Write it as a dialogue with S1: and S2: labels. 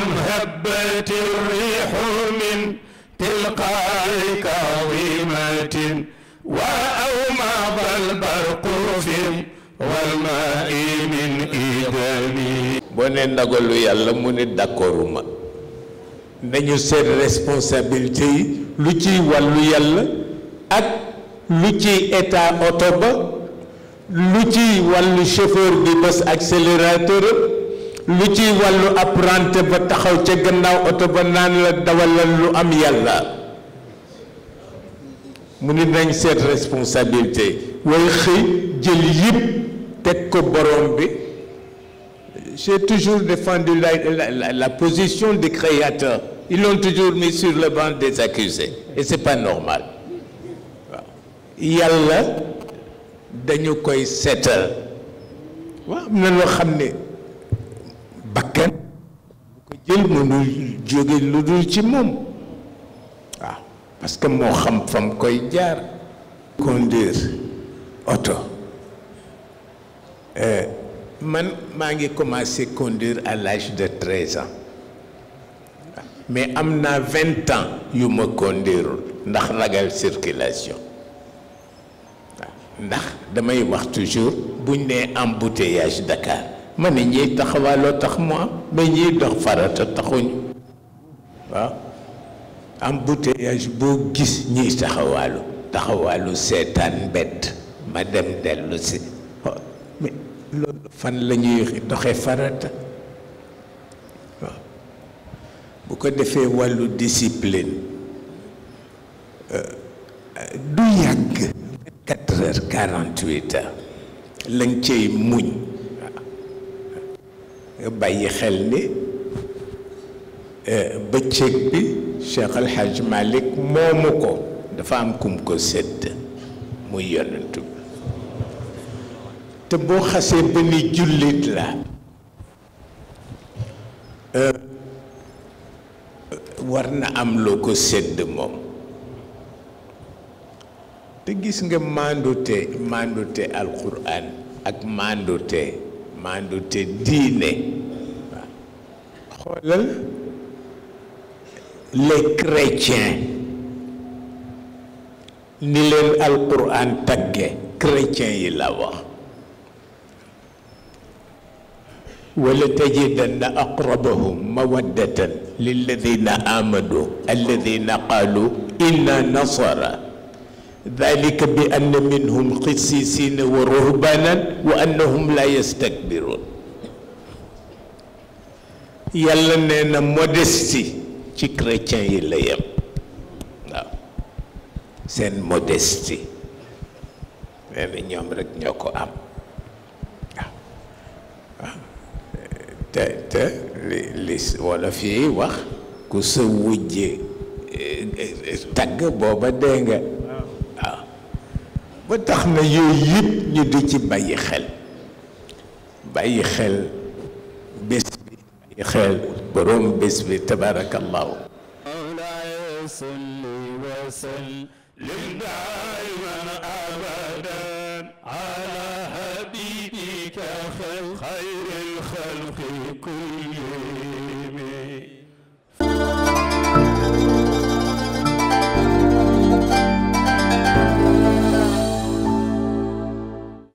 S1: يوم هبت الريح من تلقاء كظيمة وأومض البرق في والماء من إدمي بنين نقولوا يا الله من الدكورما نيو سير ريسبونسابيلتي لوتي والو يالا اك لوتي ايتا اوتوبا لوتي والو شوفور دي بس اكسيليراتور lu ci walu apprenti ba taxaw ca gannaaw oto ba naan la dawalal lu am yàlla mu ni nañ seet responsabilité way xëy jël yëpp teg ko borom bi j'ai toujours défendu la, la, la position des créateurs ils l'ont toujours mis sur le banc des accusés et c'est pas normal waaw yàlla dañu koy seetal waaw am na loo xam ne je ne pas parce que je sais conduire auto euh, commencé à conduire à l'âge de 13 ans mais il y a 20 ans you m'a conduire dans la circulation je ah, suis toujours en embouteillage d'accord. ma ne ñiy taxawaloo tax mu am mais ñiy dox farata taxuñu waaw embouteillage boo gis ñiy taxawalu taxawalu seetaan bett ma dem dellu si mais loolu fan la doxe farata waaw bu ko defee wàllu discipline euh, du yàgg 4 heures 48 lañ cay muñ bàyyi xel ni euh, bëccëg bi Cheikh Al Hadj moomu ko dafa am kum ko sedd muy yonent bi te boo xasee ba ni jullit la euh, war na am loo ko sedd moom te gis nga mandute mandute alquran ak mandute mandu te dine xoolal les chrétiens ni leen alquran tagge chrétien yi la wax wala tajidanna aqrabahum mawaddatan lilladina amanu alladina qalu inna nasara ذلك بأن منهم قسيسين ورهبانا وأنهم لا يستكبرون يلا نينا مودستي تكريتشان يلا يم نعم. سين مودستي نينا نعم، نيوم رك نيوكو أم تا نعم. آه، تا لس ولا في وقت كسوجي آه، آه، تاغ بوبا دينغا ba tax na yooyu yëpp ñu di ci bàyyi xel bàyyi xel bés bi bàyyi xel boroom bés bi tabaarakallaahu على حبيبك خير الخلق كلهم